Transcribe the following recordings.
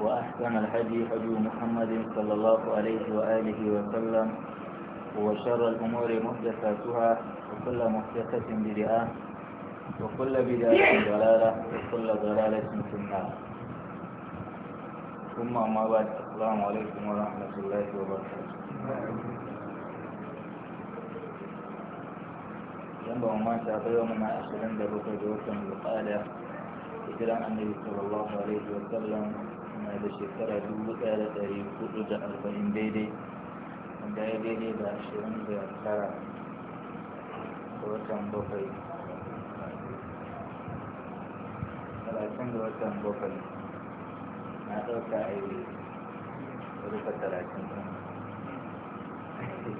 وأحسن الهدي هدي محمد صلى الله عليه وآله وسلم وشر الأمور محدثاتها وكل محدثة بدعة وكل بدعة ضلالة وكل ضلالة في النار ثم أما بعد السلام عليكم ورحمة الله وبركاته ينبع ما شاء ta يوم ما اشهد da bakwai صلى الله عليه وسلم yana da shekara dubu da arba'in daidai wanda ya daidai da ashirin da da watan bakwai talatin da watan bakwai na ɗauka a yi rufe talatin ɗin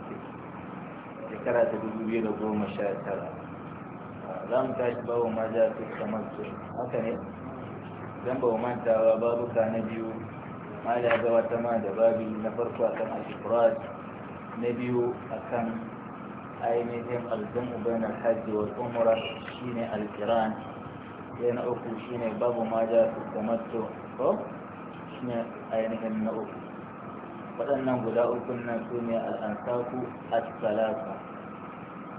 shekara ta dubu biyu da goma sha tara za mu tashi bawa ma ja fi kamar su haka ne don ba mantawa babuka na biyu ma da ga wata ma da babi na farko a kan ashifurat na biyu a kan ainihin aljamu bayan alhaji wa umra shine alkiran sai na uku shine babu ma da su tamattu ko shine ainihin na uku waɗannan guda uku nan su ne al'ansaku as-salasa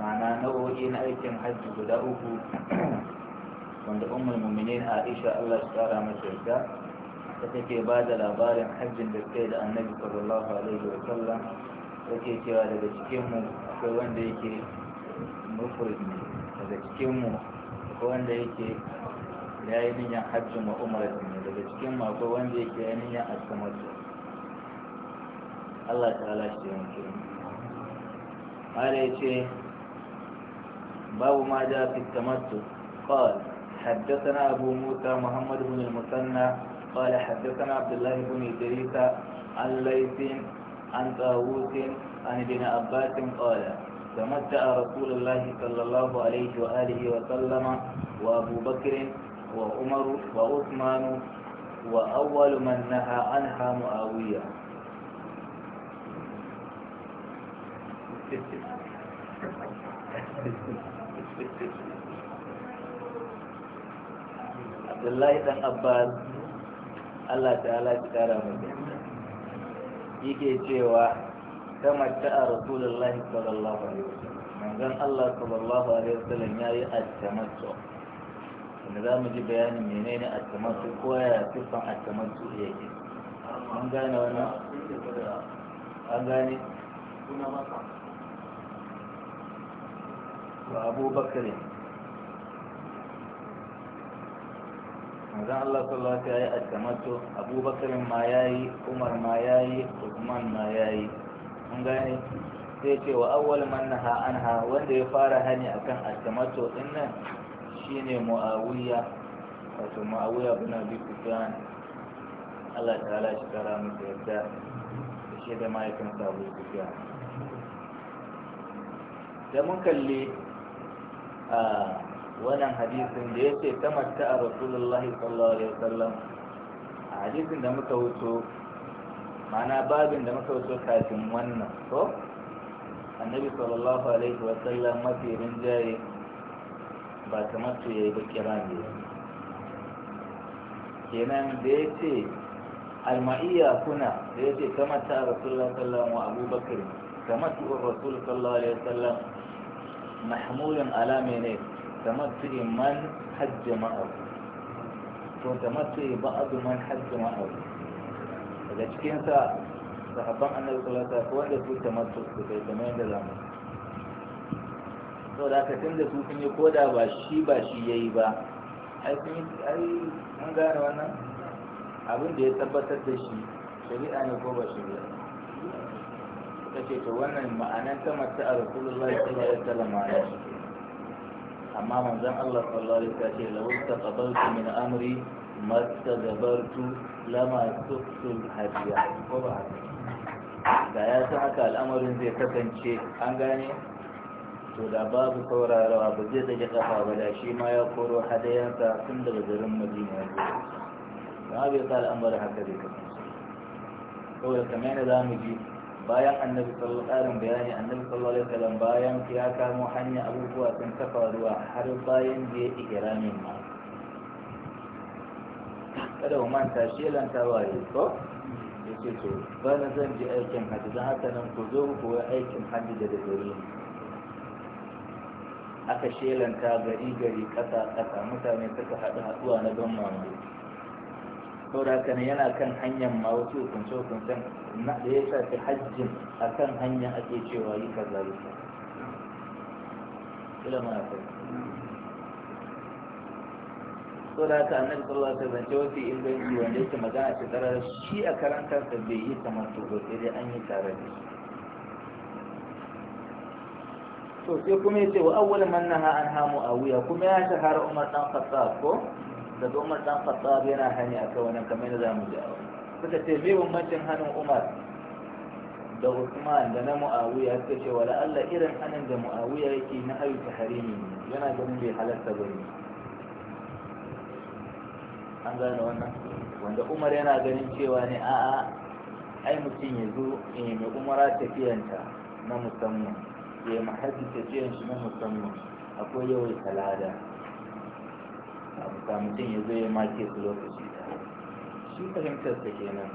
ma'ana nau'o'i na aikin hajji guda uku wanda umar mu'minin Aisha Allah su kara mata yarda ta take ba da labarin hajjin da kai da Annabi sallallahu alaihi wa sallam take cewa daga cikinmu akwai wanda yake mufrid ne daga cikinmu akwai wanda yake yi niyan hajjin wa umar ne daga cikinmu akwai wanda yake yayi niyyar askamatu Allah ala shi yanke قال ya ce babu ma جاء في التمتع kawai. حدثنا أبو موسى محمد بن المثنى قال حدثنا عبد الله بن إدريس عن ليث عن طاووس عن ابن عباس قال تمتع رسول الله صلى الله عليه وآله وسلم وأبو بكر وعمر وعثمان وأول من نهى عنها معاوية Thank you. abdullahi dan abbas allah ta'ala ya kara mu yake cewa tamatta a rasulullahi sallallahu alaihi wasallam manzon allah sallallahu alaihi wasallam yayi at-tamattu wanda za mu ji bayanin menene at-tamattu ko ya sifan at-tamattu yake an gane wannan an gane wa abubakar manzan Allah sallallahu alaihi wasallam ya addamato Abubakar ma yi Umar ma yi Usman ma yi mun gane sai ce wa awwal man naha anha wanda ya fara hani akan addamato din nan shine Muawiya wato Muawiya bin Abi Sufyan Allah ta'ala shi kara masa da shi da mahaifinsa Abu Sufyan da mun kalli a ah, wannan hadisin da ya ce ta mata a rasulullahi sallallahu alaihi wasallam a hadisin da muka wuto mana babin da muka wuto kafin wannan ko annabi sallallahu alaihi wasallam mafi rinjaye ba kamar su ya yi ba kira ne kenan da ya ce alma'iyya kuna da ya ce ta mata a rasulullahi sallallahu alaihi wasallam abubakar tamattu rasul sallallahu alaihi wasallam mahmulun ala ne. tamattu man to tamattu ba'd man hajja ma'ahu daga cikin sa sahabban annabi sallallahu wanda su tamattu su kai zamu da aka su sun yi da ba shi ba shi yayi ba ai sun yi ai mun gane wannan abin da ya tabbatar da shi shari'a ne ko ba shari'a ta ce to wannan ma'anar ta mace a rasulullahi sallallahu alaihi wasallam ma'ana amma manzan Allah sallallahu alaihi wasallam ya ce ta taqabaltu min amri mastazabartu lama tuftu hadiya ko ba da ya san haka al'amarin zai kasance an gane to da babu saurarawa ba zai tsage kafa ba da shi ma ya koro hadayansa tun daga garin madina ya zo da abu ya sa al'amarin haka zai kasance saboda kamar yadda za mu ji bayan annabi sallallahu alaihi bayani annabi sallallahu alaihi wasallam bayan ya kamo hanya abubuwa sun ta faruwa har bayan da ya ma kada mu manta shi lantawa ne ko yace to bana zan je aikin hajji dan haka nan ku zo ku koyi aikin hajji da dare aka shelanta gari gari kasa kasa mutane suka haɗu haɗuwa na don mamaki saboda haka ne yana kan hanyar ma wasu hukunce hukuncen na da ya shafi hajjin a kan hanya ake cewa yi kaza yi kaza ila na kai saboda haka annabi sallallahu alaihi wasallam zance wasu inganci wanda yake magana ta tsara shi a karantar da bai yi kamar su ba sai dai an yi tare da shi to sai kuma yace wa awwal man naha an hamu awiya kuma ya shahara Umar dan Khattab ko daga umar dan khattab yana hani a kawai wannan kamar yadda zamu ji suka ce me bambancin hannun umar da usman da na muawiya suka ce wala Allah irin hannun da muawiya yake na hayu ne yana ganin bai halarta bane an gane wannan wanda umar yana ganin cewa ne a'a ai mutum ya zo eh mai umara tafiyanta na musamman ya mahajji tafiyan shi na musamman akwai yawai talada ba mutum ya zo ya make su lokaci shi fahimtar ta kenan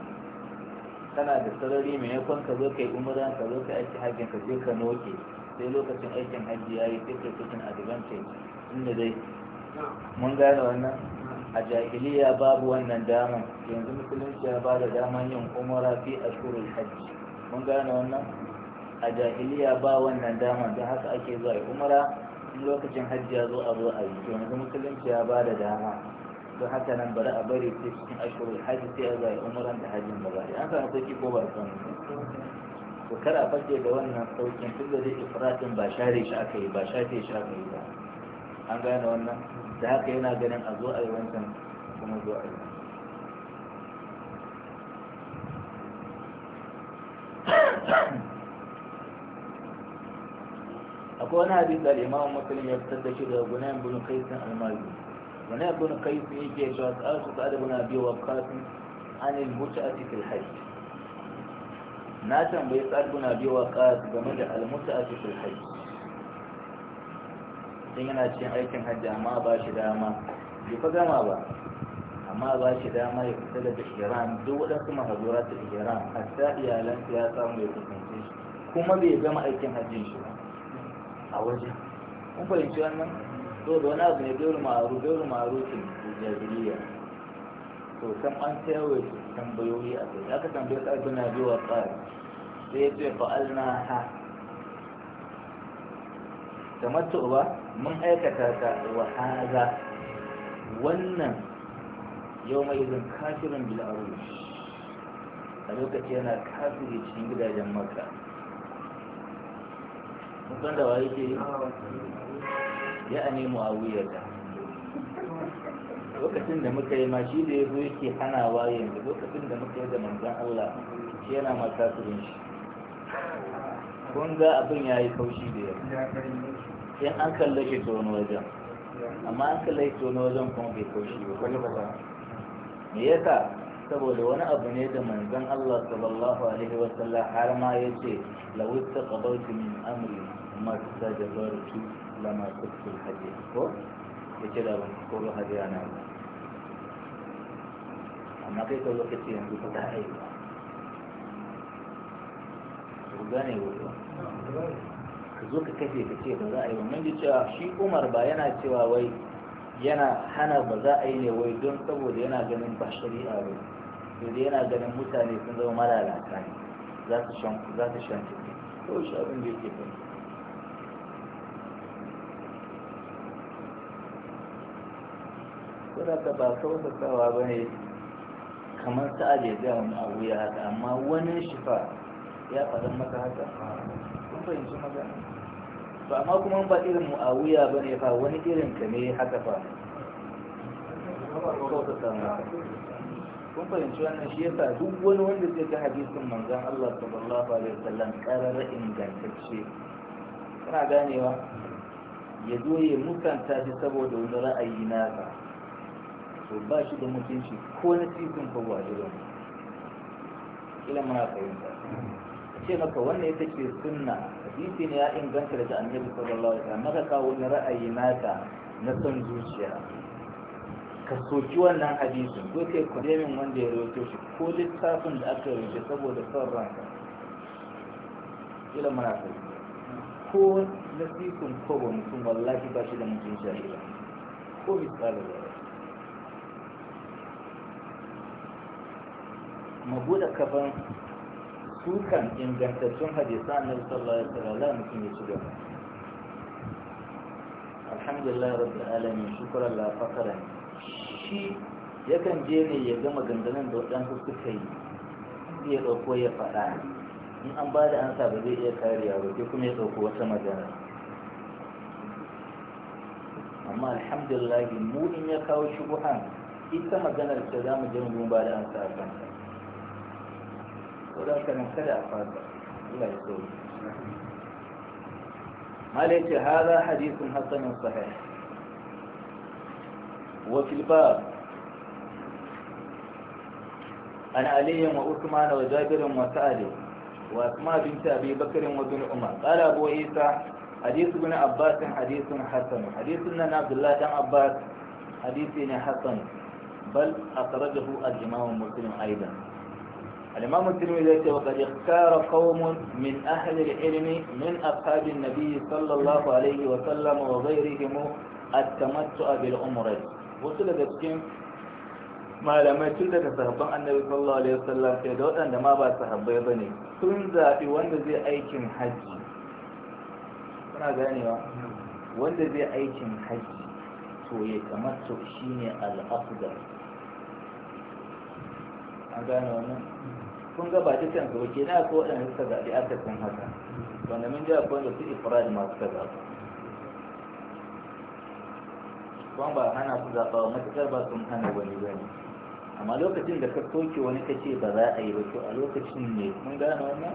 kana da sarari mai yakon ka zo kai umara ka zo kai aiki hajjin ka je ka noke sai lokacin aikin hajji ya yi sai cikin advantage inda dai mun gane wannan a jahiliya babu wannan daman yanzu musulunci ya ba da daman yin umara fi ashurul hajji mun gane wannan a jahiliya ba wannan daman don haka ake zuwa umara lokacin hajji ya zo a zo a yi yanzu musulunci ya ba da dama don haka nan bari a bari ce cikin ashirin hajji sai a zai umuran da hajjin ba zai an samu sauki ko ba a samu to kar a fage da wannan saukin tun da zai ifratin ba share shi aka yi ba shafe shi aka yi ba an gane wannan da haka yana ganin a zo a yi wancan kuma zo a yi akwai wani hadisi da imamu muslim ya fitar da shi daga gunayen bin kaisin almazi gunayen bin kaisin yake cewa tsarin sa'ad bin abi waqqas an mutu a cikin hajj na tambayi sa'ad biyu wa waqqas game da almutu a cikin hajj sun yana cikin aikin hajji amma ba shi dama bai fa gama ba amma ba shi dama ya fita daga iran duk waɗansu mahazura ta iran hatta iyalan ya samu ya kusance shi kuma bai gama aikin hajjin shi ba a waje kun fahimci wannan to da wani abu ne dole maru dole maru ce jahiliya to san an sayarwa su tambayoyi a kai aka tambaye ƙarfi na biyu tsari sai ya ce fa'alna ha tamattu ba mun aikata ta wa haza wannan yau mai izin kafirin bil'arush a lokaci yana kafiri cikin gidajen maka san da waye ke ya ne wuyar da lokacin da muka yi ma shi da zo yake wa yanzu lokacin da muka yi da manzan Allah shi yana ma kafirin shi kun ga abin ya yi kaushi da yawa in an kalla shi ta wani wajen amma an kalla shi ta wani wajen kuma bai kaushi ba kwata me yasa saboda wani abu ne da manzon Allah sallallahu alaihi wa sallam har ma yace law istaqbaltu min amri ma tajabartu lama kuntu hadi ko yace da ban ko ga hadiya na amma kai ka lokaci yanzu ka da ai ku gane wato ka zo ka kafe ka ce ba za a yi mun ji cewa shi umar ba yana cewa wai yana hana ba za a yi ne wai don saboda yana ganin ba shari'a ba to dai yana ganin mutane sun zama malalata ne za su shan za su shan to shi abin da yake kuma saboda ba kautatawa ba ne kamar sa'ad ya gaya wani abu ya haka amma wani shifa ya faɗin maka haka kun fahimci magana ba amma kuma ba irin mu a ba ne fa wani irin ka ne haka fa kun fahimci wannan shi yasa duk wani wanda zai ga hadisin manzon Allah sallallahu alaihi wasallam karara ingantacce kana ganewa ya zo ya mutanta shi saboda wani ra'ayi nasa to ba shi da mutunci ko na titin ko ba irin kila muna fahimta ce maka wannan ita ce sunna hadisi ne ya inganta daga annabi sallallahu alaihi wasallam maka kawo wani ra'ayi naka na son zuciya ka soki wannan hadisi ko kai kudemin wanda ya rawaito shi ko littafin da aka rawaito saboda son ranka ila muna sai ko nasikin ko ba mutum wallahi ba shi da mutum ba. ko misali da mabuda kafan sukan ingantaccen hadisa na sallallahu alaihi wasallam mutum ya ci gaba alhamdulillah rabbil alamin shukran la faqara shi yakan je ne ya gama ganganan da waɗansu suka yi ya ɗauko ya faɗa in an ba da ansa ba zai iya kariya ba sai kuma ya ɗauko wata magana amma alhamdulillah mu in ya kawo shubuhan ita maganar ta za mu je gumba ba da ansa a kan sauran kanan kada a fada, Allah ya sauri. Malaita hada hadisin hasanin sahih وفي الباب عن علي وعثمان وجابر وسعد وأسماء بنت أبي بكر وابن عمر قال أبو عيسى حديث ابن عباس حديث حسن حديث ابن عبد الله بن عباس حديث حسن بل أخرجه الإمام مسلم أيضا الإمام الترمذي وقد اختار قوم من أهل العلم من أصحاب النبي صلى الله عليه وسلم وغيرهم التمتع بالعمرة wasu daga cikin malamai tun daga sahabban annabi sallallahu alaihi wasallam sai da waɗanda ma ba sahabbai ba ne sun zaɓi wanda zai aikin hajji kuna ganewa wanda zai aikin hajji to ya kamata shi ne al'afdar an gane wannan kun ga ba dukkan su ba ke na ko waɗanda suka zaɓi aka sun haka wanda mun ji akwai da su ifrad masu suka zaɓa kuma ba hana su zaɓa wa matuƙar ba sun hana wani gani amma lokacin da ka soke wani ka ce ba za a yi ba to a lokacin ne mun gane wannan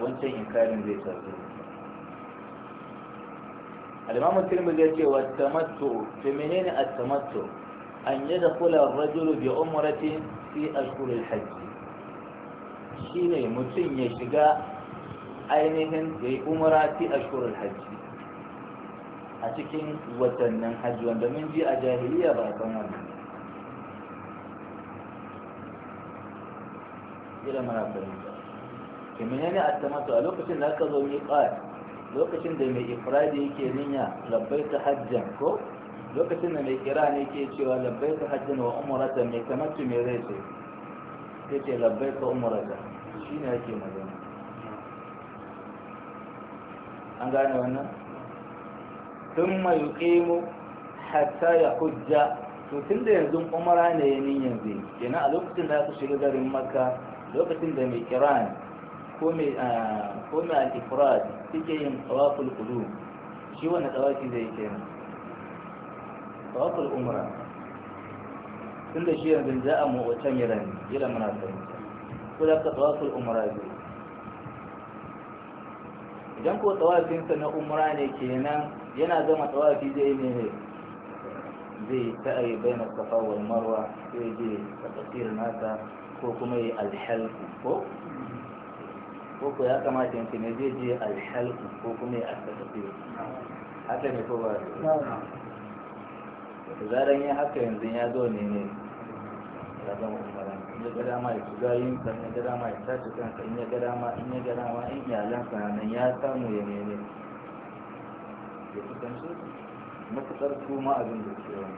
wancan inkarin zai taso al-imam tirmidhi ya ce wa tamattu to menene at-tamattu an yadkhula ar-rajulu bi umratin fi ashhur al shine mutum ya shiga ainihin da umra fi ashhur al-hajj a cikin watannin hajji wanda mun ji a jahiliya ba a san wani ila mara fahimta ke menene attamatu a lokacin da aka zo miqat lokacin da mai ifradi yake niyya labbaika hajjan ko lokacin da mai kira ne ke cewa labbaika hajjan wa umrata mai tamattu mai rai ce yace labbaika umrata ne yake magana an gane wannan sun mai ƙimu hatta ya hujja to tun da yanzu umara ne ya yanzu, zai yana a lokacin da aka shiga garin makka lokacin da mai kiran ah, ko mai al-ifrad suke yin tsawaful kudu shi wani tsawafi zai ke nan tsawaful umara tun da shi yanzu za a mawacin iran ila muna fahimta ko da ka tsawaful umara zai idan ko tsawafinsa na umara ne kenan yana gama tawafi zai ne ne zai ta ta'ayi bayan safa wal marwa sai je tafsir nasa ko kuma yi alhalku ko ko ko ya kamata yanki ne zai je alhalku ko kuma yi tafsir haka ne ko ba da zaran ya haka yanzu ya zo ne ne ya zama umara in ya gada ma ya shiga yin kan ya gada ma ya tashi kansa in ya gada ma in ya gada ma in iyalansa nan ya samu ya ne ne ya kusanci matuƙar su ma abin da ke wani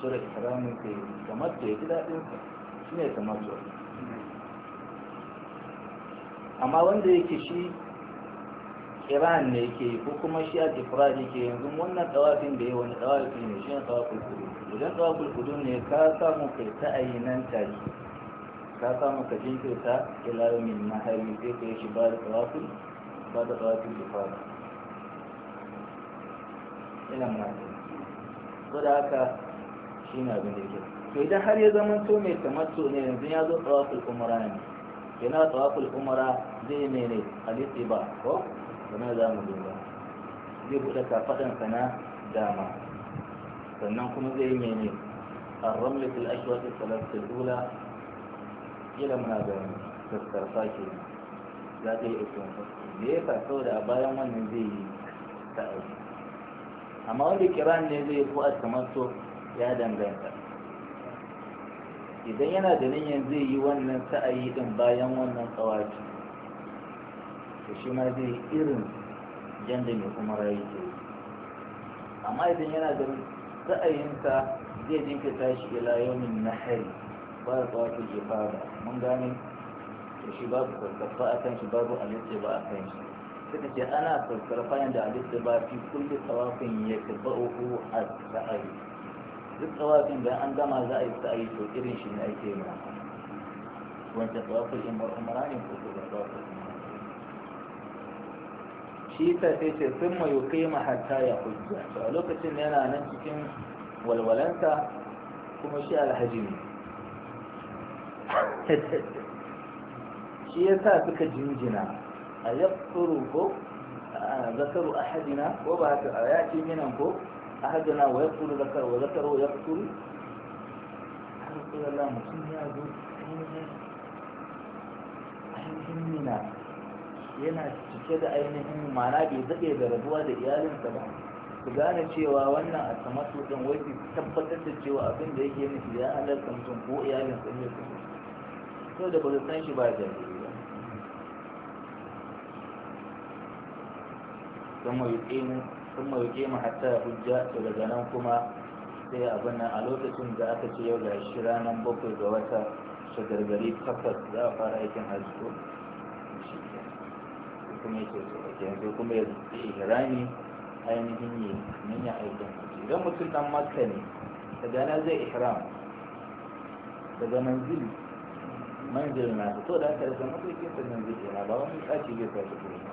su da karamin ke kamar da ya ji daɗin ka shi ne kamar su amma wanda yake shi iran ne yake ko kuma shi a ne ke yanzu wannan tsawafin da ya wani tsawafi ne shi ne tsawafin kudu idan tsawafin kudu ne ka samu kai ta ayinan nan ka samu ka jinkirta ila yau mahari sai ka yi shi ba da tsawafin ba da tsawafin ifada ina munafiki ko da haka shi ne abin da yake to idan har ya zama to mai tamattu ne yanzu ya zo tsawaful umara ne yana tsawaful umara zai yi ne halitti ba ko game za mu duba zai buɗe kafaɗansa na dama sannan kuma zai yi ne a ramlatul ashwati salatul ula kila muna da sassarfa ke za ta yi ikon da ya fa da a bayan wannan zai yi ta'azi amma wanda kiran ne zai ko a kamar so ya danganta idan yana da niyyar zai yi wannan sa'ayi din bayan wannan tsawaci to shi ma zai yi irin yadda mai kuma rayu ke amma idan yana da sa'ayinsa zai jinkirta shi ila yawmin nahari ba da tsawaci ke fara mun gane to shi babu karkafa a kan shi babu alice ba a kan shi suka ce ana karfayan da alista ba fi kullu tsawafin ya karba uku a sa'ayi duk tsawafin da an gama za a yi sa'ayi to irin shi ne ake yi wanda tsawafin imar umara ne ko kuma tsawafin shi ta sai ce sun mayu kai hatta ya hujja to a lokacin da yana nan cikin walwalanta kuma shi alhaji ne shi ya sa suka jinjina a yakfuru ko zakaru ahadina ko ba ta a yaki minan ko ahadina wa yakfuru zakaru wa zakaru wa yakfuru har kuma Allah mutum ya zo ainihin yana cike da ainihin mana bai daɗe da rabuwa da iyalinsa ba ku gane cewa wannan a samatu ɗin wai ku tabbatar da cewa abin da yake nufi ya halarta mutum ko iyalinsa ne ku so da ba san shi ba jami'i ثم يقيم ثم يقيم حتى يحج ولدنان كما sai abin nan a lokacin da aka ce yau gashi shi ranar bakwai ga wata shagargari takwas za a fara aikin hajji ko kuma yake so a kenan sai kuma ya ihrami ainihin yi nan ya aikin hajji idan mutum dan maka ne daga gana zai ihram daga manzil manzil na to da aka rasa mafi kinsa nan zai ihram ba wani tsaci zai sa shi kuma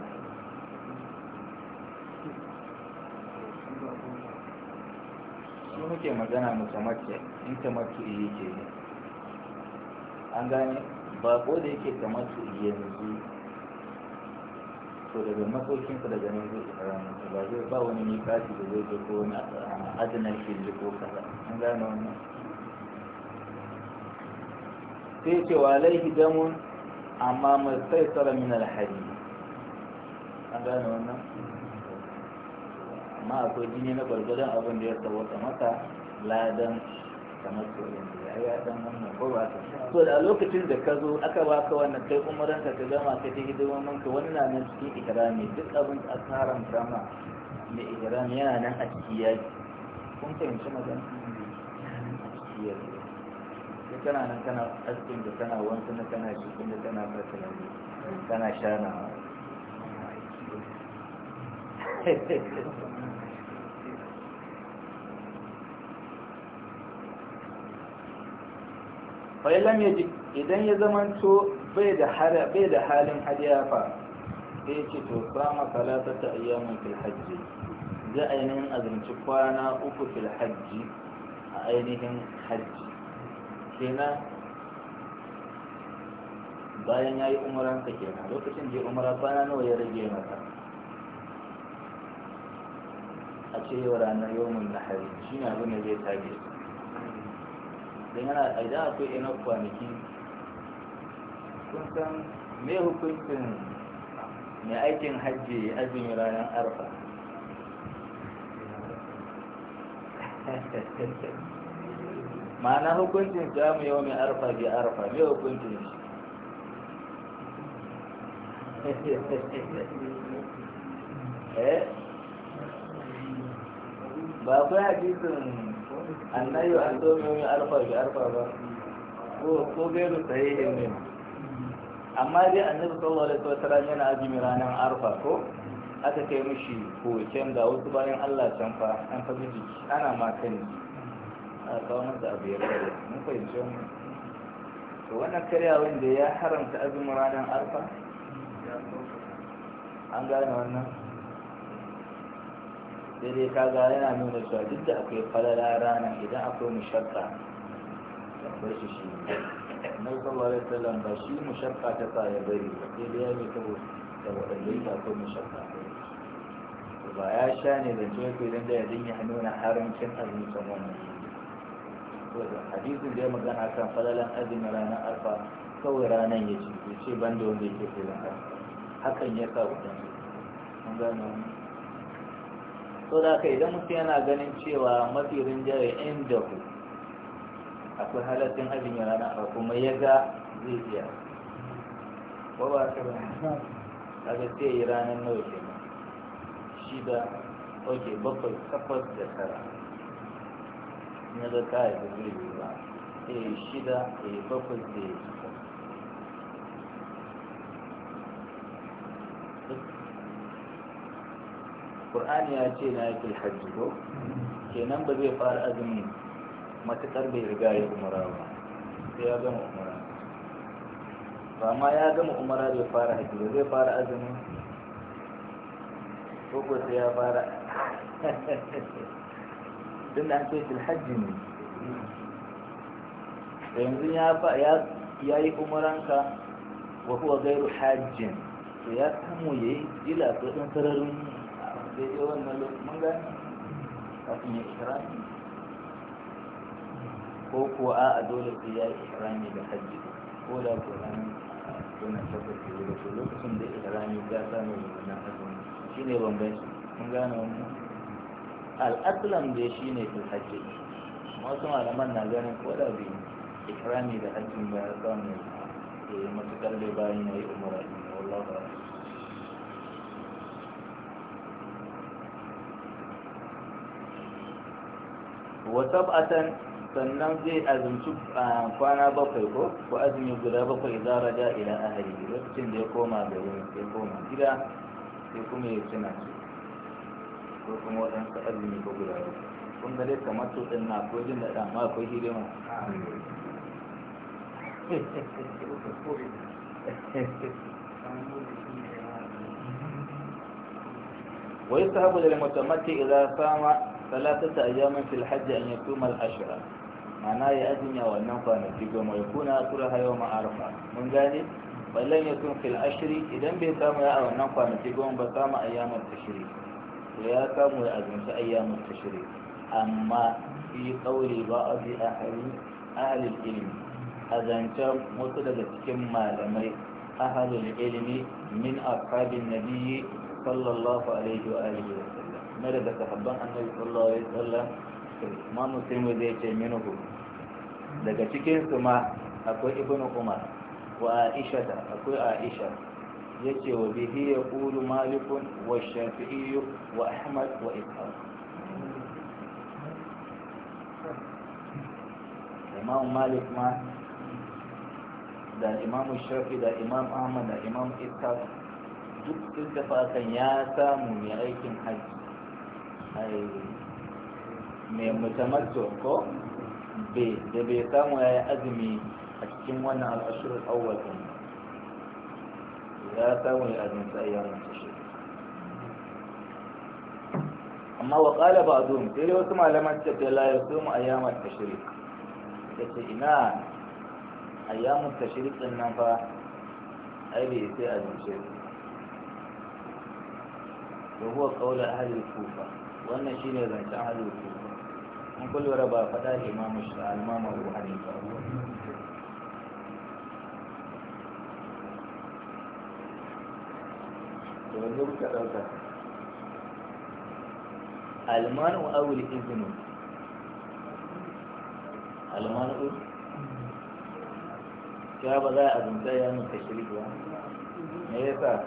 shi muke magana mutamattiya in iya ke ne an gane ko da yake tamattu'i yanzu to daga makokinsa daga nan zai ihrami ba zai ba wani mikati da zai je ko wani ke da ko kaza an gane wannan sai ce wa alaihi damun amma mai sai tsara min alhari an gane wannan amma akwai jini na gwargwadon abin da ya tsawata mata ladan kamar tsoron da ya yi a wannan ko ba ta so da lokacin da ka zo aka ba ka wannan kai umaranka ka gama ka ta hidimomin manka wannan na nan cikin ikirami duk abin a tsarin drama mai ikirami yana nan a ciki ya yaki kun fahimci magana a ciki yaki sai kana nan kana askin da kana wancan na kana jikin da kana fatalami kana shanawa failan ya ji idan ya zamanto bai da halin hadiya fa sai ce to sama salata ta ayyamin fil hajji za a ainihin azumci kwana uku fil hajji a ainihin hajji kenan bayan ya yi umaransa kenan lokacin da ya umara kwana nawa ya rage mata a ce yau ranar yau mun na hari shi ne abin da zai tage su don yana idan akwai enough kwanaki kun san me hukuncin mai aikin hajji azumi ranar arfa ma'ana hukuncin ta yau mai arfa bi arfa me hukuncin shi eh ba kai hadisin annayu an zo mai arfa bi arfa ba ko bai da sahihin ne amma dai annabi sallallahu alaihi wasallam yana azumi ranar arfa ko aka kai mishi koken ga wasu bayan Allah can fa an fa miji ana ma kan a kawo da abu ya kare mun fahimci wannan to wannan karyawan da ya haramta azumin ranar arfa an gane wannan sai dai kaga yana nuna cewa duk da akwai falala rana idan akwai mushakka akwai shi shi mai sallallahu alaihi wasallam ba shi mushakka ta sa ya bari ba sai dai ya ne saboda waɗanda yake akwai mushakka ba ya sha ne da cewa ko idan da ya dinga nuna haramcin abincin wannan hadisin da ya magana kan falalan azumin ranar arfa kawai ranar ya ce ban da wanda yake filin arfa hakan ya sa waɗansu an gano so da haka idan mutum yana ganin cewa mafi rinjaye inda ku akwai halattun abin yana na a kuma ya ga zai iya ba ba ka ba ga sai yi ranar nawa ke nan shida oke bakwai takwas da tara na ga kayan da zai yi ba sai shida ya yi bakwai da ya qur'ani ya ce na yake hajji ko kenan ba zai fara azumin matuƙar bai riga ya umara ba sai ya gama umara ba ma ya gama umara bai fara hajji ba zai fara azumin ko ko sai ya fara tun da an ce shi hajji ne yanzu ya yi umaranka wa kuwa gairu hajjin to ya samu ya yi jila ko sararin daidai wannan lokacin mun kafin ya ihrami ko kuwa a dole sai ya ihrami da hajji ko da ko nan suna tabbas da yi wato lokacin da ihrami ya samu da wannan azumi shine bambanci mun gane wannan da shi ne fil hajji wasu malaman na ganin ko da bai ihrami da hajji ba ya samu ya yi matukar dai bayan ya yi umara ne wallahu a'lam wa sab'atan sannan zai azumci kwana bakwai ko ko azumi guda bakwai za raja ila ahli lokacin da ya koma da wurin ya koma gida sai kuma ya tuna su ko kuma waɗansu azumi ko guda ba. kun ga dai kamar to ɗin na ko jin daɗa amma akwai hidima wai sabu da mutamatti idan sama ثلاثة أيام في الحج أن يصوم الأشهر معناه يأذن يا ونفع نتيجهم ويكون أطولها يوم عرفة من ذلك فلن يكون في العشر إذا بيقام يا ونفع نتيجهم بقام أيام التشريك ويا كام في أيام التشري أما في قول بعض أهل أهل العلم كم مطلقة كما لمي أهل العلم من أصحاب النبي صلى الله عليه وآله وسلم kuma daga sahabban annabi sallallahu alaihi wasallam ma muslimu zai ce minhu daga cikin su ma akwai ibnu umar wa aisha akwai aisha yace wa bihi yaqulu malik wa shafi'i wa ahmad wa ishaq imam malik ma da imam shafi da imam ahmad da imam ishaq duk duk da fatan ya samu mai aikin hajji mai mutamattu ko bai da bai samu ya yi azumi a cikin wannan al'ashirin awwal din ya samu ya azumi sai ya mutu shi amma wa qala ba'dhum sai dai wasu malaman suka ce la yasumu ayyamat tashrik yace ina ayyamat tashrik din nan fa ai bai sai azumi shi to huwa qawla ahli al-kufa wannan shi ne zancen halittu an kullura ba faɗa imamu al'amama ruhani ba yanzu muka ɗauka almanu awul izinu almanu ya ba za a azumta ya nuka shirka me sa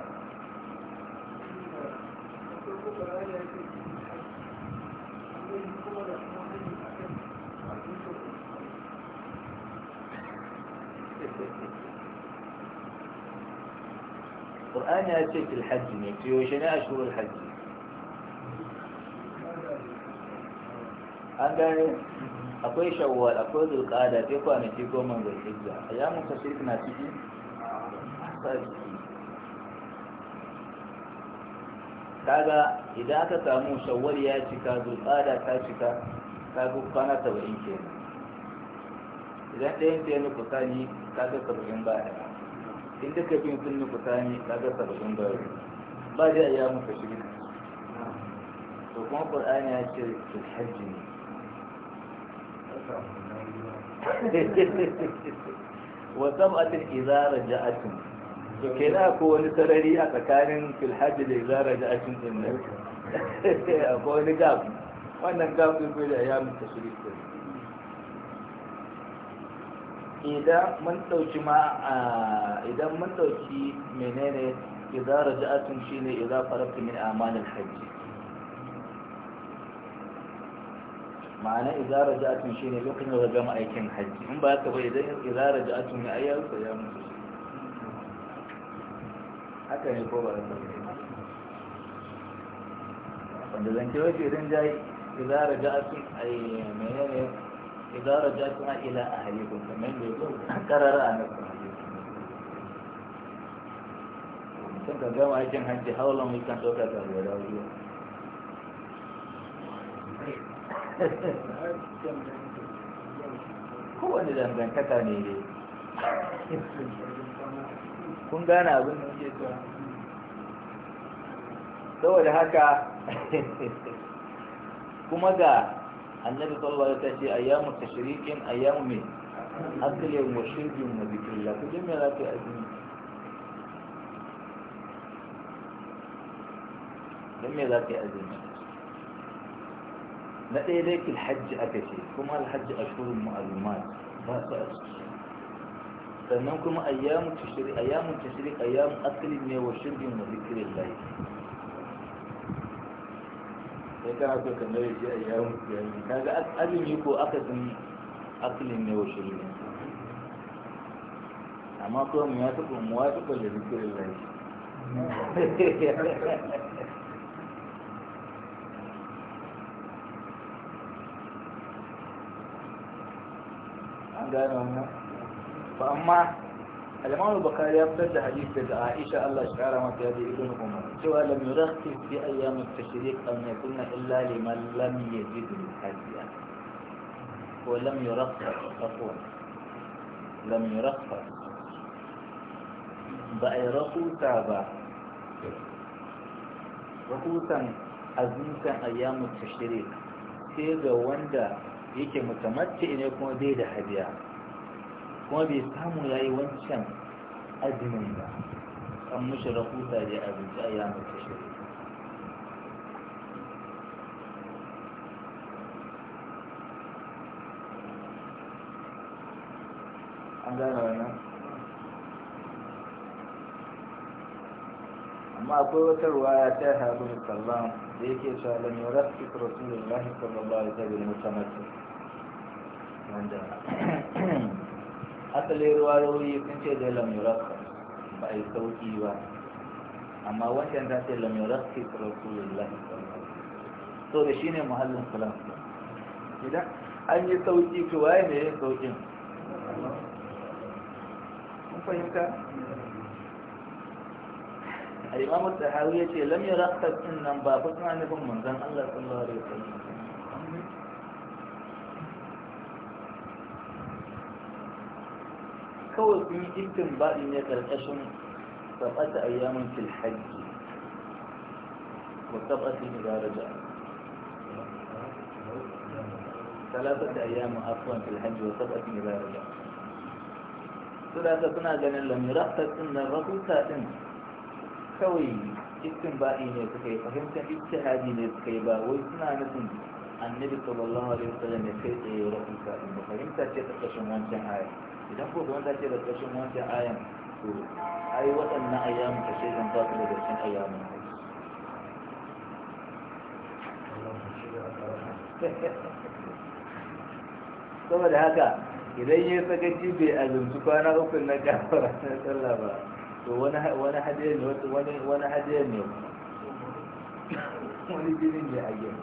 ƙur'ani ya ce fil hajji ne to yaushe ne ashurul hajji an gane akwai shawwal akwai zulqada sai kwanaki goma ga hijja ayyamun tashrik na ciki kaga idan aka samu shawwal ya cika zulqada ta cika kaga kwana idan ɗayan ta yi nufa kaga saba'in ba ya in duka biyun sun nufi sani kaga saba'in ba ya ba dai a yi muka shiri to kuma ƙur'ani ya ce su hajji ne wa sab'atin idza raja'atun to kenan ko wani sarari a tsakanin filhaji da idza raja'atun din nan akwai wani gab wannan gab din ko da ya muka shiri idan mun ɗauki ma idan mun ɗauki menene idan raja'atun shine idan farafta min amalin hajji ma'ana idan raja'atun shine lokacin da gama aikin hajji in ba ta bai idan idan raja'atun ne ayyar ko ya mutu haka ne ko ba wanda zan kewa ke idan idan raja'atun ai menene idan rajatuna ila ahlikum kamar da yau karar sun ka gama aikin hajji haulan wikan ɗauka ta guda Ko kowane dangantaka ne dai kun gane abin da ke cewa saboda haka kuma ga النبي صلى الله عليه وسلم أيام التشريك أيام من أكل يوم ذكر الله في جميع لك أزمي جميع يذاك أزمي ما إليك الحج أكثر كما الحج أشهر المعلومات ما سأشتري sannan kuma ayyamu tashrik ayyamu tashrik ayyam aklin ne wa shirbin wa sai kana so ka mai shi a yawon yawon kaga azumi ko aka sun asalin ne wa shirin amma ko mu ya tuka mu wa tuka da zikirin lafi an gane wannan ba amma الإمام البخاري يفتد حديث عائشة الله شعر ما في هذه ابن عمر سوى لم يرخص في أيام التشريق أن يكون إلا لمن لم يجد الهدي ولم يرخص عفوا لم يرخص بأي رخوصة با رخوصا أزمتا أيام التشريق سيغا وندا yake متمتع إن يكون ديدا حديث kuma bai samu ya yi wancan azumin ba kan mushi rahuta da abinci a yamar ta shirya an gane wannan amma akwai wata ruwaya ta haɗu da sallam da yake cewa lam yurad fi rasulillahi sallallahu alaihi wasallam mutamattin wanda asalin ruwa rauri sun ce da lamuraka ba a yi sauki ba amma wancan ta ce da rasulullah so da shine muhallin salam idan an yi sauki ki waye ne yin saukin kun fahimta al-imam al ya ce lam ta cin nan ba fa kana nufin manzon Allah sallallahu alaihi wasallam تتصور في يمكن بعد ان ثلاث اشهر تبقى ايام في الحج وتبقى في اذا رجع ثلاثة أيام عفوا في الحج وسبعة إذا رجع ثلاثة سنة جنة لم يرحت سنة الرسول ساتن كوي اتن بائي نيتكي فهمت اتحادي نيتكي با ويسنا نسن النبي صلى الله عليه وسلم يقول رسول ان فهمت اتحادي نيتكي رسول ساتن idan ko wanda ke da kashin wancan ayan to ai waɗannan ayyamin sai zan ba su da ƙarshen ayyamin saboda haka idan ya sakaci bai azumci kwana uku na kafara na sallah ba to wani hadiyar ne wani wani hadiyar ne wani jinin ne a gina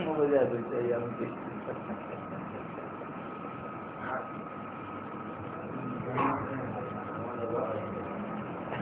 kuma ba zai azumci ayyamin kashe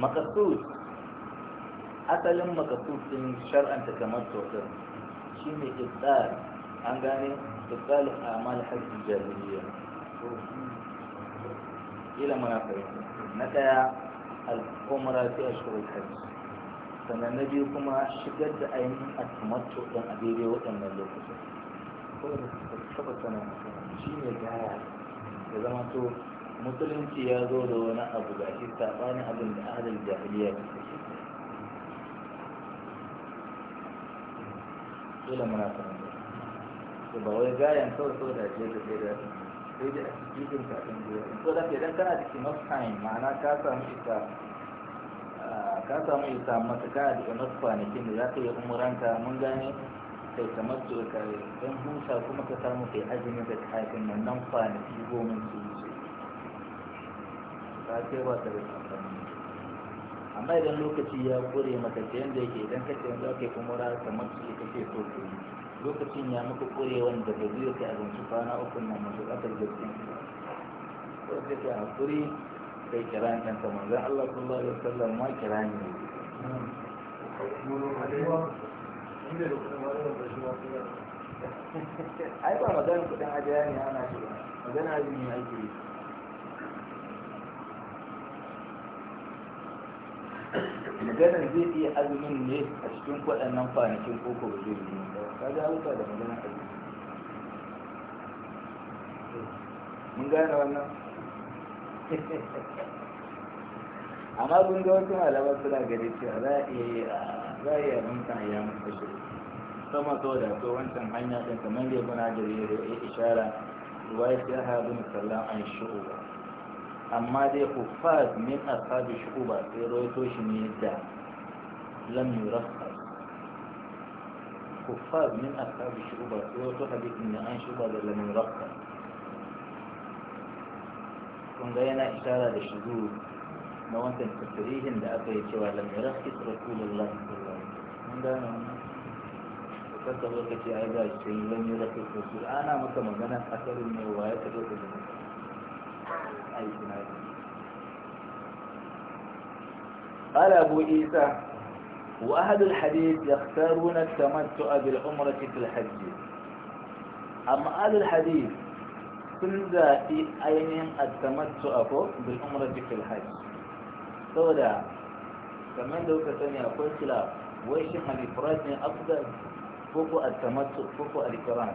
makasus asalin makasusin shar'anta kamar tsotar shi ne ibtsar an gane ibtsalin amal hajji jahiliya ila mana fahimta na daya al'umara fi ashirul hajji sannan na biyu kuma shigar da ainihin a tumatto ɗin a daidai waɗannan lokutan kawai da suka taɓa sanar shi ne gaya ya zama to musulunci ya zo da wani abu ga shi saɓanin abin da ahalin jahiliya ne dole muna da to ba wai gayan kawai kawai da ce da sai da sai da cikin kafin zuwa ko da ke dan kana cikin enough time ma'ana ka samu isa ka samu ita mata kana da enough kwanakin da za ka yi umuranka mun gane kai kamar su ka yi don huta kuma ka samu kai azumin da kafin nan kwanaki goma su yi ta ce ba ta da amfani amma idan lokaci ya kure mata ta yanda yake idan ka ce yanzu ake kuma ra kamar su ka kake so ke. yi lokacin ya muku kure wanda ba zai kai abinci kwana uku na masu ƙasar gaske ko sai ka hakuri kai kira ni kanka manzan Allah sallallahu alaihi wasallam ma kira ni ne ai ba maganin kudin ajiya ne ana shi ba maganin ne ake yi maganar zai iya azumin ne a cikin waɗannan kwanakin koko ba zai yi ka ga hauka da maganar azumi mun gane wannan amma kun ga wasu malaman suna gari cewa za a iya za a iya mintan ya mutu shi sama so da so wancan hanya ɗin kamar da ya guna da ya ishara ya fi haɗu musallan an shi'uwa amma dai kuffaz min ashabi shuba sai rawaito shi ne da lam yurakhas kuffaz min ashabi shuba sai rawaito hadisin ne an shuba da lam yurakhas kun ga yana isara da shigo na wancan tafsirihin da aka yi cewa lam yurakhas rasulullahi sallallahu alaihi wasallam mun gane wannan kasa lokaci ai ba shi sai lam yurakhas rasul ana maka magana asarin ne wa ya tabbata aiki na قال أبو عيسى وأهل الحديث يختارون التمتع بالعمرة في الحج أما أهل الحديث سنزا في أين التمتع بالعمرة في الحج سودا كمان دوكا ثانية أقول خلاف من الإفراد أفضل فوق التمتع فوق الإكرام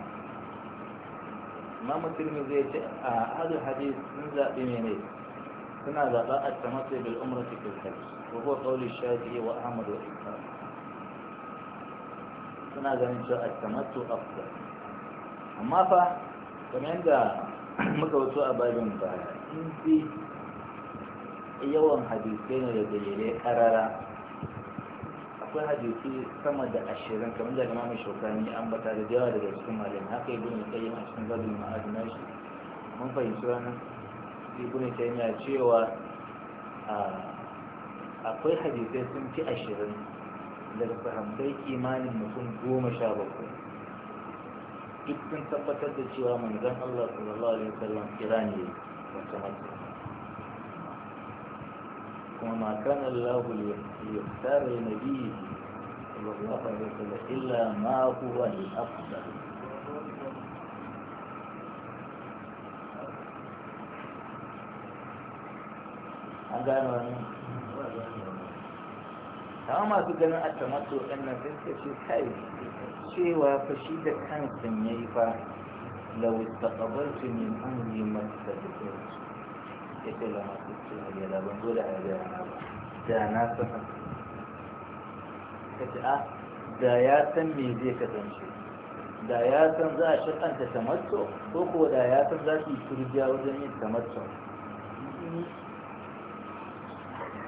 ما مثل مزيج هذا الحديث سنزا بمينيه لماذا لا التمتع بالأمرة في الحج وهو قول الشافعي وأحمد وإكرام لماذا من شاء التمتع أفضل أما فا كم عند مكوسة أبي بن إن أنت يوم حديثين يدليلي أرارا أقول حديثي كما دا أشيرا كما دا كمام الشوكاني أنبتا دا ديوار دا سكما لنهاقي بني كيما أشنزاد المعادناش من فاين سوانا ibn taymiya cewa akwai hadisai sun ci ashirin daga fahimtar kimanin mutum goma sha bakwai duk sun tabbatar da cewa manzan Allah sallallahu alaihi wasallam kira ne wata mace kuma ma kan Allah yaktar nabi sallallahu alaihi wasallam illa ma huwa al-afdal an gano wani kama masu ganin a tamato ɗan nan sai suka ce kai cewa fa shi da kansa ya yi fa wata taɓaɓar su ne an yi masu da su. ya ce da masu ce a yada ban zo da a yi ba da na san ka ce a ah, da ya san me zai kasance da ya san za a shakanta tamatto ko ko da ya san za su yi turjiya wajen yin tamatto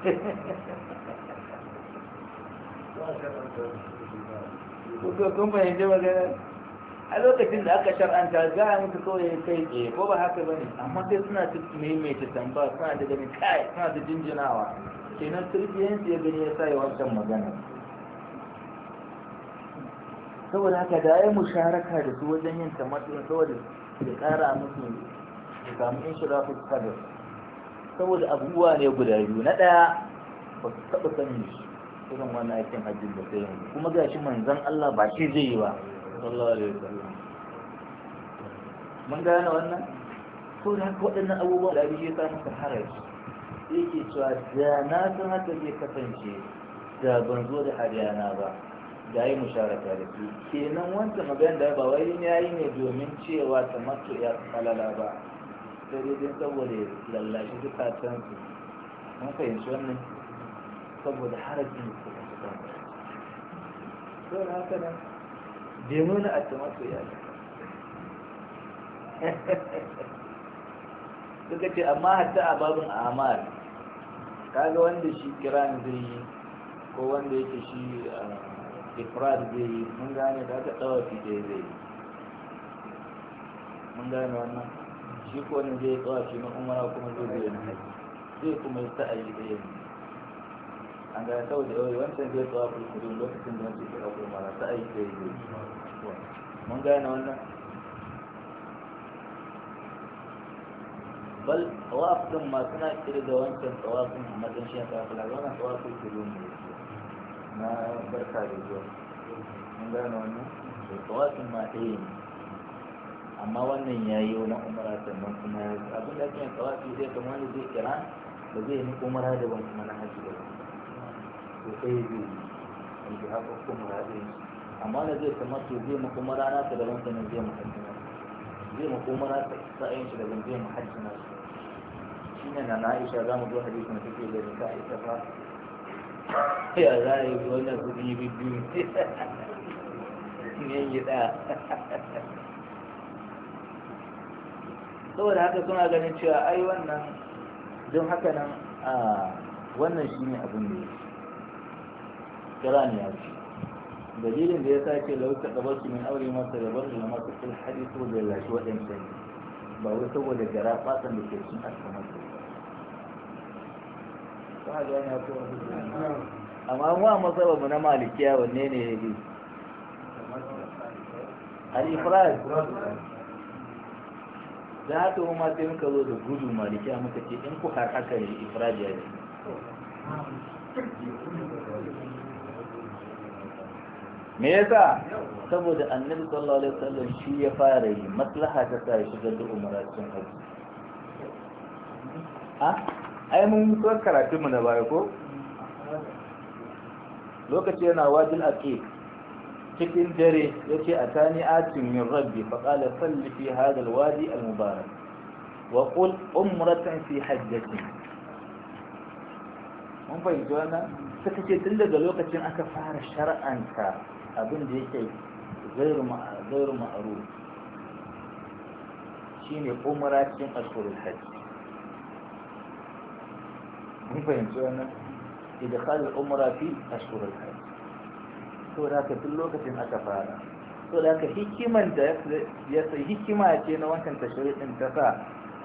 kun fahimci magana a lokacin da aka shar'anta za a mutu kawai kai tsaye ko ba haka ba ne amma sai suna ta maimaita tambar suna da gani kai suna da jinjinawa kenan turbiyansu ya gani ya sa yi wancan magana saboda haka da ya musharaka da su wajen yin tamatin saboda ya kara musu ya samu in shirafu kadar saboda abubuwa ne guda biyu na ɗaya ba su taɓa sani irin wannan aikin hajjin da sai yanzu kuma ga shi manzan Allah ba shi zai yi ba mun gane wannan ko da haka waɗannan abubuwa da ya samu ta haraji yake cewa da na san haka zai kasance da ban zo da hadiyana ba da yi musharaka da su kenan wancan magana da ba wai yayi ne domin cewa tamattu ya falala ba dare din saboda ya lallashi zukatan su mun fahimci wannan saboda harajin da suka fi kan sau da haka nan demu na a tumato ya suka ce amma hatta a babin amal kaga wanda shi kiran zai yi ko wanda yake shi eh, ifrad zai yi mun gane da aka tsawafi zai yi mun gane wannan shi ko ne zai tsawa shi na umara kuma zai zai yin haji zai kuma yi sa'ayi da yin an sau da yawai wancan zai tsawa kurkudun lokacin da wancan kira mara sa'ayi da yin mun gane wannan bal tawaf din ma suna da wancan tawafin a matsayin shi ta fula wannan tawafin kudin ne na barka da zuwa mun gane wannan tawafin ma ɗaya ne amma wannan ya yi wani umara sannan kuma ya abin da ake yin tsawafi zai kama wani zai kira da zai yi umara da wani kuma na haji da wani to sai zai yi wanda haka umara ɗin amma da zai kama to zai muku umara na ta daban sannan zai muku umara zai muku umara ta sa'ayin shi daban zai muku haji na shi shi ne na na'isha za mu zo hadisin da take da nika a ita ya za a yi wannan zubi biyu ne yi ɗaya saboda haka suna ganin cewa ai wannan don haka nan a wannan shi ne abin da ya ce kira ne ya ce dalilin da ya sake lauta da su min aure masa da bar da masa fil saboda ya lashe ne ba wai saboda gara fatan da ke sun alkamar su amma mu masaba mu na malikiya wanne ne ya yi al-ifrad da haka kuma sai muka zo da gudu malikiya muka ce in kuka haka ne ifradiya ya me yasa saboda annabi sallallahu alaihi wasallam shi ya fara yi maslaha ta sa shi da umara cikin haji a ai mun so karatu mu na baya ko lokaci yana wajil aqiq cikin dare yace tani atin min rabbi fa qala salli fi hadha alwadi almubarak wa qul umratan fi hajjati mun fahimci wannan suka ce tun daga lokacin aka fara shar'anta abin da yake zairu ma'aru shi ne umara cikin ashirin hajji mun fahimci wannan idakhalul umara fi ashirin hajji so da haka duk lokacin aka fara so da haka hikiman da ya sai hikima ce na wancan tashri'in ta sa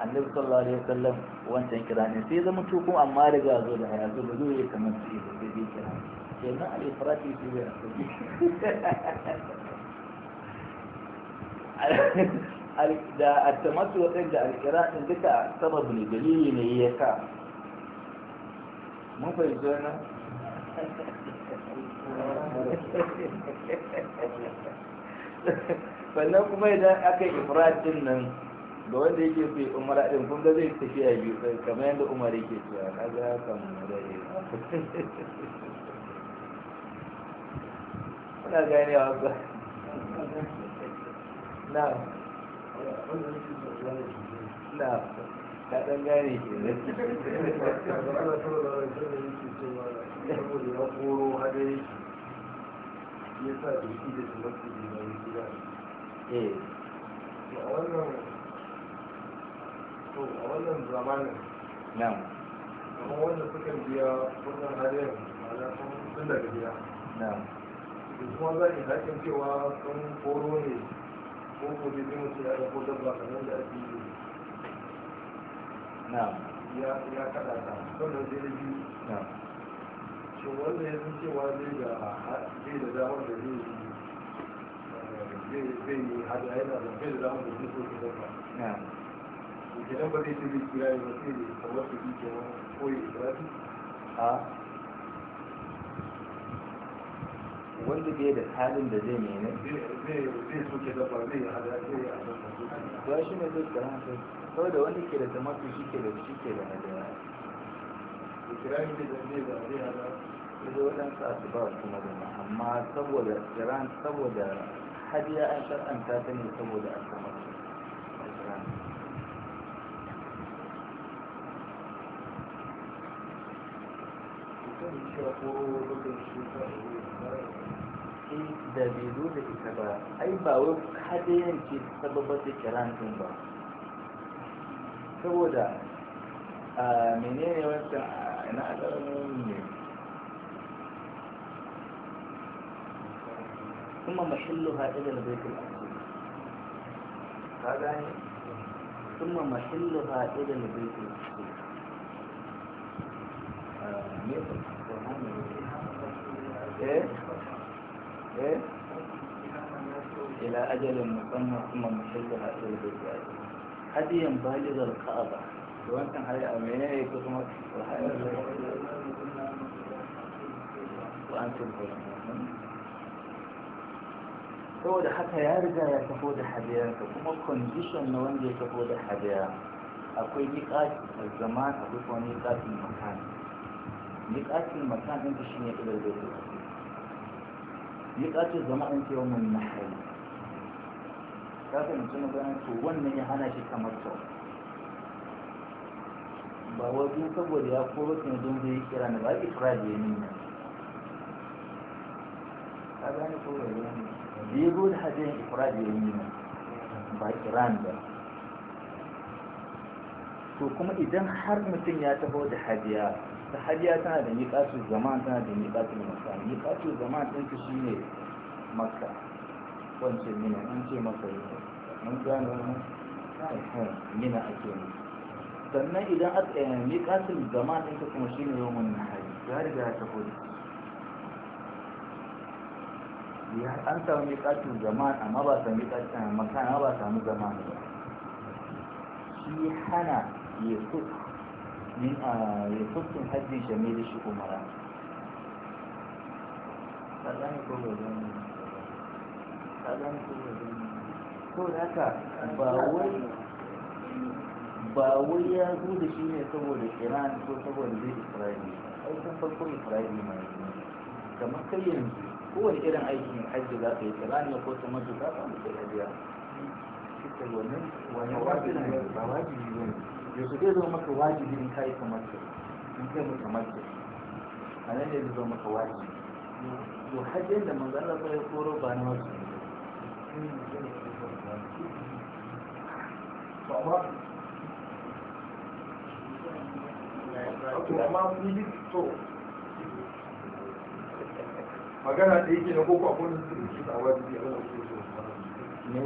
annabi sallallahu alaihi wasallam wancan kiranin sai zama tukun amma daga zo da haya ba da zo ya kamar su da zai kira kenan al-ifrati shi ne da attamatu wa da alkira din duka sababu ne dalili ne ya ka mun fahimci wannan sannan kuma idan aka yi ifradin nan da wanda yake fi yi umara din kun ga zai tafiya biyu kamar yadda umar yake cewa na ga haka mu da ne kuna gane wa ba na na dan gane ke ne saboda ya koro hadayi ya sa da da eh. a wannan zamanin biya wannan sun daga da kuma za a yi cewa sun ne ko ko bai ko dabba da ake yi ya kada ta sannan da biyu wannan ya cewa zai da zai da damar da zai zai yi hada yana da zai da damar da zai so ke dafa idan ba zai ce zai kira ya zai da kamar su ji ke wani koyi ikirari a wanda bai da halin da zai mene zai so ke dafa zai hada zai yi a dafa ba shi ne zai kira hankali saboda wanda ke da tamatu shi ke da shi ke da hadaya ikirari da zai da zai hada sai waɗansu asibar kuma da amma saboda iran saboda hadiya an shar'anta ta ne saboda asabar da bai zo da ita ba ai ba wai hadiyan ce sababar da kiran din ba saboda menene wancan na alamun ne ثم محلها إلى البيت الأقصى هذا ثم محلها إلى البيت الأقصى إيه إيه إلى أجل مسمى ثم محلها إلى البيت الأقصى هديا بالغ الكعبة وأنت كان حاجة أمينة يكتمك وأنت الظلم saboda haka ya riga ya taho da hadiyar ka kuma condition na wanda ya taho da hadiya akwai miƙaƙi a zaman akwai kuma miƙaƙin makan miƙaƙin makan ɗin shi ne ɗigar da ya miƙaƙin zaman ɗin cewa mun na hali ka fahimci magana to wannan ya hana shi kamar to ba wajen saboda ya koro ta ne don zai kira na ba ya kira da ya nuna ka gane ko ba ya nuna da ya zo da hajjin ifrad ya yi ba kiran ba to kuma idan har mutum ya taho da hadiya ta hadiya tana da miƙasu zama tana da miƙasu makka miƙasu zama ɗin ta shine makka wance mina an ce maka yi mun gano mina ake ne sannan idan eh, miƙasu zaman ɗin ta kuma shine na hari ya riga ya taho da an samu miƙatun zaman amma ba samu miƙatun makan amma ba samu zaman ba shi hana ya fuk min a ya fukin hajjin shamil shi umara tsallani ko ba zan tsallani ko ba zan ko da haka ba wai ba wai ya zo da shi ne saboda iran ko saboda zai israeli ai sun farko israeli mai kamar kai yanzu kowane irin aikin hajji za ka yi tsirani ko ta mutu za ka mutu ya biya wani wajibi ne ba wajibi ne yanzu zai zama maka wajibi in kai kamar ka in kai mutu kamar a nan ne zai zo maka wajibi to hajjin da manzo Allah ya koro ba na wajibi ne to amma to magana da yake na koko abun da suke da wani da yana so ai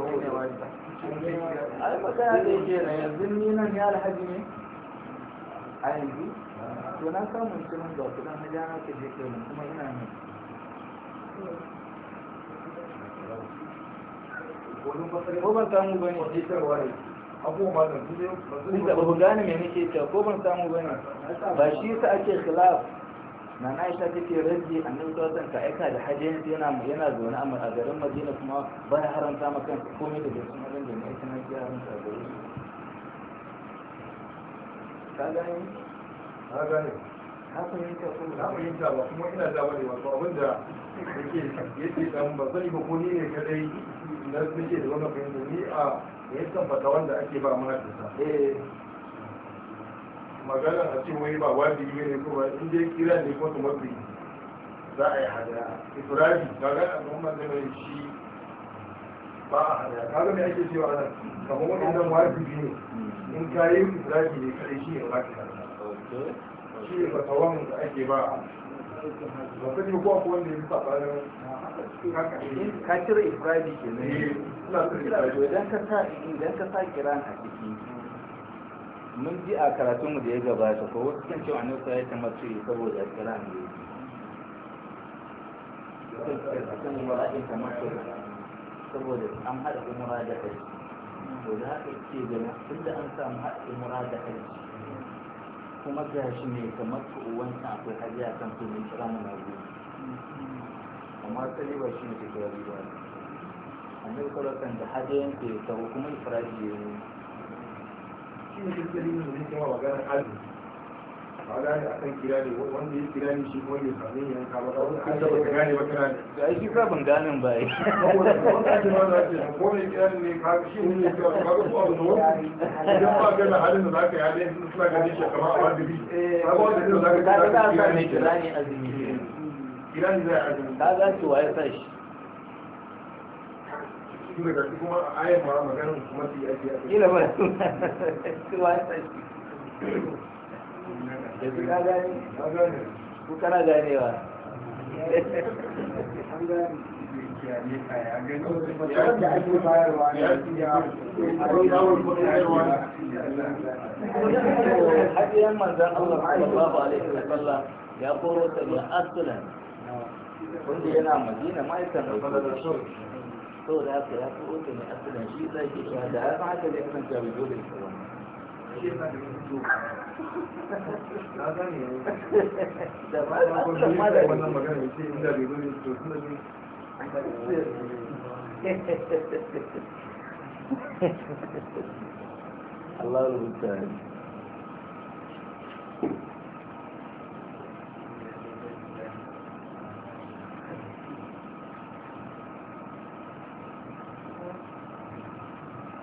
magana da yake na yanzu ni nan ya alhaji ne a yanzu to na samu cikin da kudan na jana ke je ke kuma ina ne ko ban samu ba ne abubuwa da su ne ba su gane me nake ta ko ban samu ba ne ba shi sa ake khilaf na na aisha take rage annabi sallallahu ka aika da hajjin yana yana zaune a garin madina kuma ba ya haramta maka komai da kuma abin da mai kana ya haramta da shi ka gani ka gani ka fahimta ko na fahimta ba kuma ina da wani wato abin da yake yake dan ba zai ba ko ni ne kadai na suke da wannan fahimta ni a yayin tabbata wanda ake ba mana da sa eh magana a ce wai ba wajibi ne kuma in dai kira ne ko kuma bi za a yi hadaya ifradi kaga al'umma ne mai shi ba a hada kaga me ake cewa nan kamar wannan wajibi ne in ka yi ifradi ne kai shi ne wajibi shi ne tawon da ake ba ba ka ji ko akwai wanda ya yi sabanin ka cire ifradi ke nan eh, idan idan ka sa kiran a ciki mun ji a karatunmu da ya gabata ko wasu kan cewa annabi sai ta mace saboda kira ne kan muradin ta mace saboda an haɗa umura da kai to da haka ce gana tunda an samu haɗa umura da kai kuma ga shi ne kamar ko wancan akwai hajiya kan su mun kira mu na gudu amma sai ba shi ne ke kira gudu annabi sallallahu alaihi wasallam da hajiyan ke ta hukumar faraji ne shi ne kirkir yin maganar ba a kan kira ne wanda ya kira ne shi sami wani ka gane ba kira ne da ka ban ganin ba yi ma kira ne ka shi ne ga idan ba halin da suna shi a eh, wani kira ne kira ne azumi kira ne azumi sa shi tura da kuma ayan ma maganar kuma su yi ake ila ba su ba ta shi yanzu ka gane ku kana ganewa an gane hadiyan manzan Allah sallallahu alaihi wa sallam ya koro ta ne asalan wanda yana madina ma'aikatan da saboda haka ya fi wata mai asina shi za ki da ya haka mai dole da ma da ma da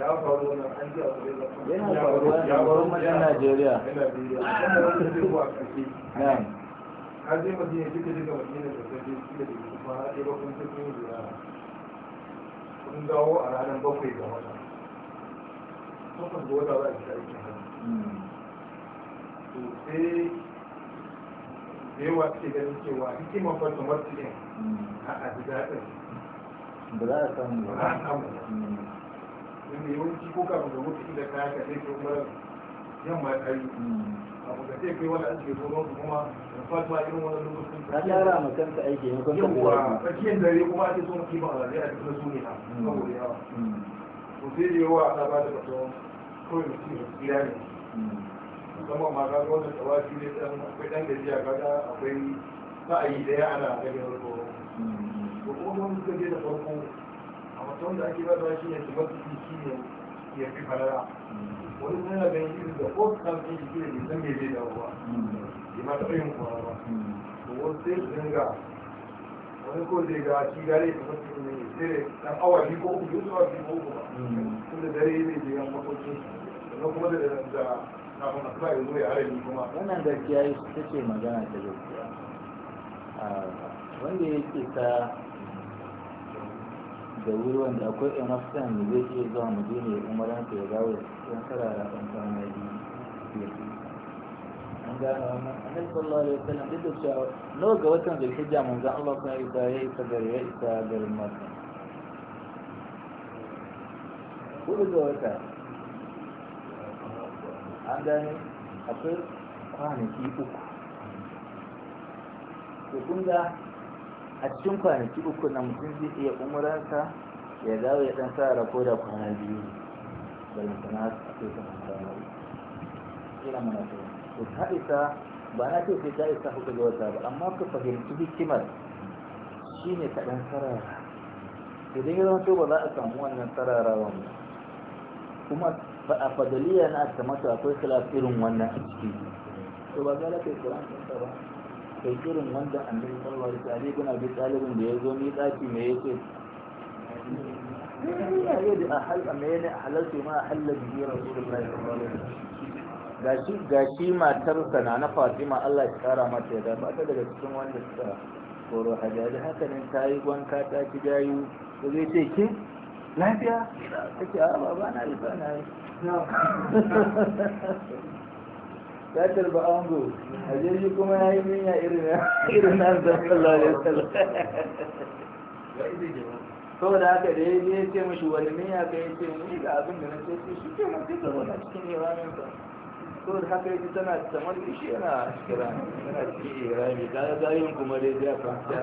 yan najeriya kun dawo a ranar bakwai ga wata takwas ga wata za a fita aikin hannu. to sai da yawa suke ganin cewa hikimar farkon wasu a a ji ba za a samu ba inda yawanci ko kafin ga mutu da kaya ka zai kuma yamma ta yi abu ka sai kai wani an ce kuma kuma da fatima irin wannan lokacin ta gyara ma kanka aiki ne kanka yawa tsakiyar dare kuma ake so mutum ba a zare a cikin su ne ha mm. saboda yawa mm. to sai da yawa ana ba da fatuwa kawai mutum ya tsira ne mm. musamman ma kaga wannan tawafi ne dan akwai dan gajiya kaga akwai sa'ayi daya ana ganin rukuru ko kuma mun suka je da farko don da ake bada shi ne shi ne ya fi farara wani ganin da ko kan shi ne san ma taɓa yin ba to sai su dinga wani ko zai ga shi gare ne sai dan ko uku ko uku ba tunda dare makwacin kuma da kafin ya harami kuma wannan gaskiya ita ce magana ta gaskiya ah, wanda yake ta da wuri wanda akwai enough time da zai iya zuwa mu ne umaran ya dawo don kara da ɗan kwana biyu an gano wannan annabi sallallahu alaihi wasallam duk da cewa nawa ga watan zulhijja manzon Allah kuma ya isa ya isa gari ya isa garin Makka hudu ga wata an gane akwai kwanaki uku to kun ga a cikin kwanaki uku na mutum zai iya umuransa ya dawo ya dan sa rako da kwana biyu bari ta na a kai ta manta na ina mana ta to ta isa ba na ce sai ta isa hudu ga wata ba amma ka fahimci hikimar ne ka dan sarara idan ya zama to ba za a samu wannan sarara ba kuma a fadaliya na ta akwai kilaf irin wannan a ciki to ba za a yi kuran ba kai irin wanda annabi sallallahu alaihi wasallam ibn abi talib da ya zo ni daki me yake ya yi da hal amma yana halaltu ma halal bi rasulullahi sallallahu alaihi wasallam gashi gashi matarsa na na Fatima Allah ya kara mata yadda ba ta daga cikin wanda suka koro hajjaji haka ne ta yi wanka ta ci gayu ko zai ce ki lafiya ta ce a baba na yi ba na yi ya tarba ango a jirgi kuma ya yi minya irin na zan sallallahu alaihi wasallam saboda haka da ya je ya ce mashi wani minya ka ya ce ni ga abin da na ce shi ke masu da na cikin iramin ba saboda haka tana kamar shi yana kira yana cikin irami ta ga zayin kuma dai ya fahimta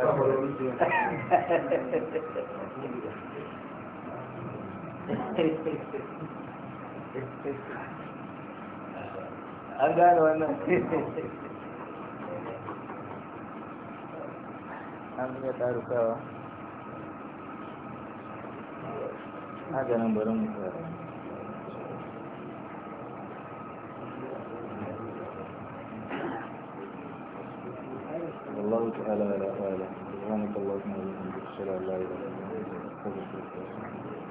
ya fahimta an gane wannan an iya tarukawa haka nan bari mu tsara والله تعالى على اله سبحانك اللهم وبحمدك اشهد ان لا اله الا انت استغفرك واتوب اليك